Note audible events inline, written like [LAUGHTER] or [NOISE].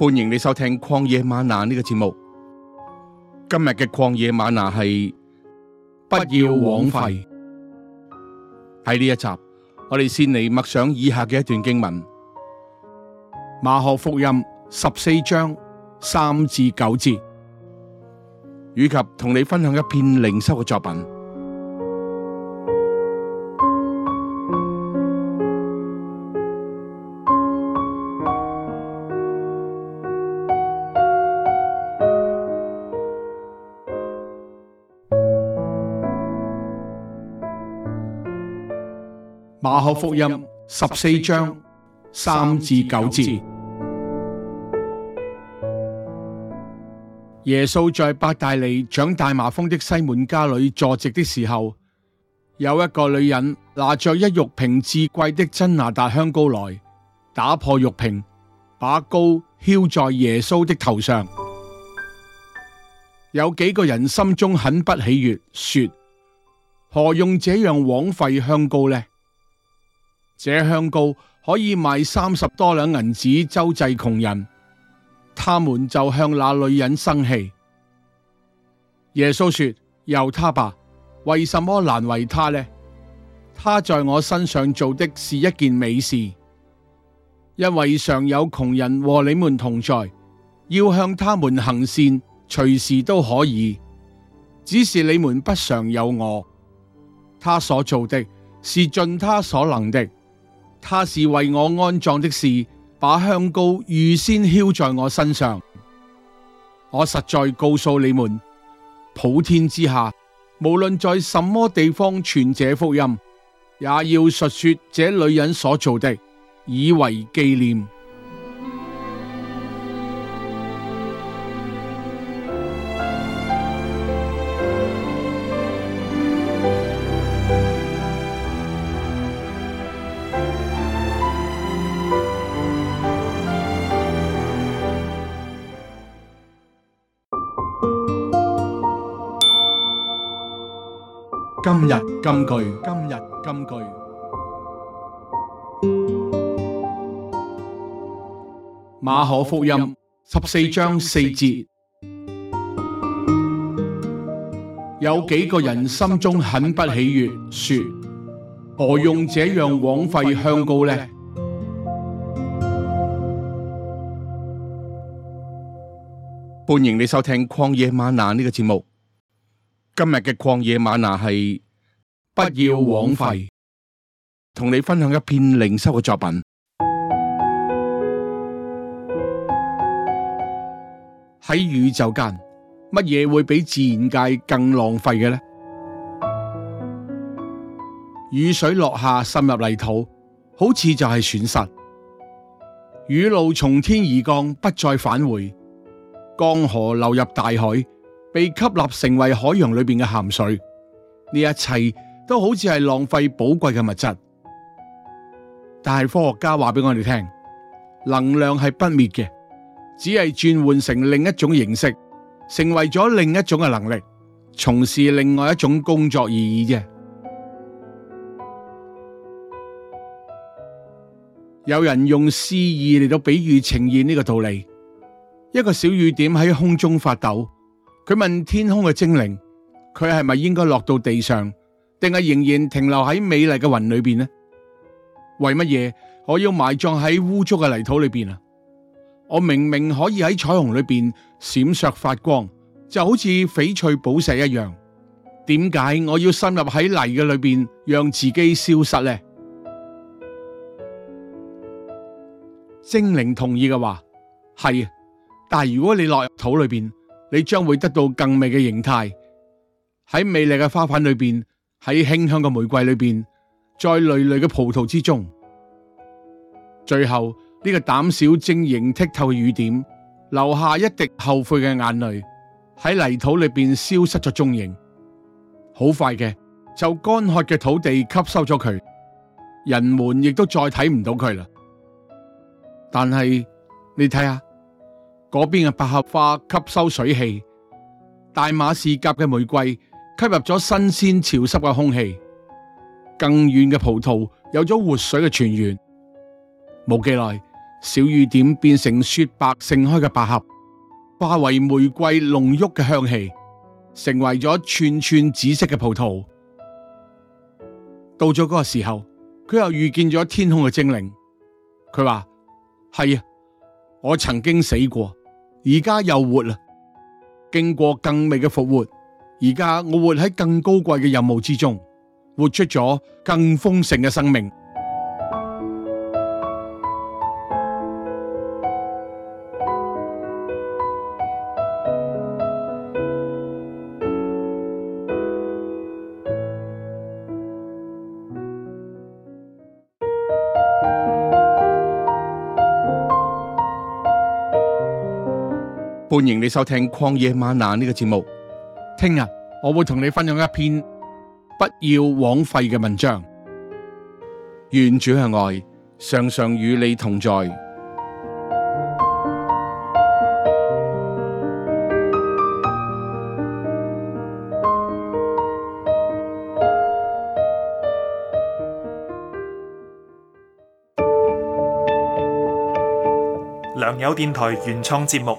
歡迎你收聽曠野嗎哪呢個節目。今日嘅曠野嗎哪係不要枉費。喺呢一集，我哋先嚟默想以下嘅一段經文：馬可福音十四章三至九節，以及同你分享一篇靈修嘅作品。馬可福音十四章三至九節：耶穌在伯大尼長大麻風的西門家裏坐席的時候，有一個女人拿着一玉瓶至貴的真拿達香膏來，打破玉瓶，把膏澆在耶穌的頭上。有幾個人心中很不喜悅，說：何用這樣枉費香膏呢？這香膏可以賣三十多兩銀子，周濟窮人。他們就向那女人生氣。耶穌說：由他吧，為什麼難為他呢？他在我身上做的是一件美事，因為常有窮人和你們同在，要向他們行善，隨時都可以。只是你們不常有我。他所做的是盡他所能的。他是為我安葬的事，把香膏預先澆在我身上。我實在告訴你們，普天之下，無論在什麼地方傳這福音，也要述說這女人所做的，以為紀念。今日金句，今日金句。馬可福音十四章四節，有幾個人心中很不喜悅，說：何用這樣枉費香膏呢？歡迎你收聽曠野嗎哪呢個節目。今日嘅曠野嗎哪係不要枉費，同 [NOISE] 你分享一篇靈修嘅作品。喺 [NOISE] 宇宙間，乜嘢會比自然界更浪費嘅呢？雨水落下滲入泥土，好似就係損失。雨露從天而降，不再返回，江河流入大海。被吸納成為海洋裏邊嘅咸水，呢一切都好似係浪費寶貴嘅物質。但係科學家話俾我哋聽，能量係不滅嘅，只係轉換成另一種形式，成為咗另一種嘅能力，從事另外一種工作而已啫，有人用詩意嚟到比喻呈現呢個道理：一個小雨點喺空中發抖。佢問天空嘅精靈：佢係咪應該落到地上，定係仍然停留喺美麗嘅雲裏邊呢？為乜嘢我要埋葬喺污糟嘅泥土裏邊啊？我明明可以喺彩虹裏邊閃爍發光，就好似翡翠寶石一樣。點解我要深入喺泥嘅裏邊，讓自己消失呢？精靈同意嘅話係啊，但係如果你落入土裏邊。你將會得到更美嘅形態，喺美麗嘅花瓣裏邊，喺馨香嘅玫瑰裏邊，在累累嘅葡萄之中，最後呢、這個膽小、晶瑩剔透嘅雨點，留下一滴後悔嘅眼淚，喺泥土裏邊消失咗蹤影，好快嘅就乾涸嘅土地吸收咗佢，人們亦都再睇唔到佢啦。但係你睇下。嗰邊嘅百合花吸收水汽，大馬士革嘅玫瑰吸入咗新鮮潮濕嘅空氣，更遠嘅葡萄有咗活水嘅泉源。冇幾耐，小雨點變成雪白盛開嘅百合，化為玫瑰濃郁嘅香氣，成為咗串串紫色嘅葡萄。到咗嗰個時候，佢又遇見咗天空嘅精靈。佢話：係啊，我曾經死過。而家又活啦，經過更美嘅復活，而家我活喺更高貴嘅任務之中，活出咗更豐盛嘅生命。歡迎你收聽曠野嗎哪呢個節目。聽日我會同你分享一篇不要枉費嘅文章。願主嘅愛常常與你同在。良友電台原創節目。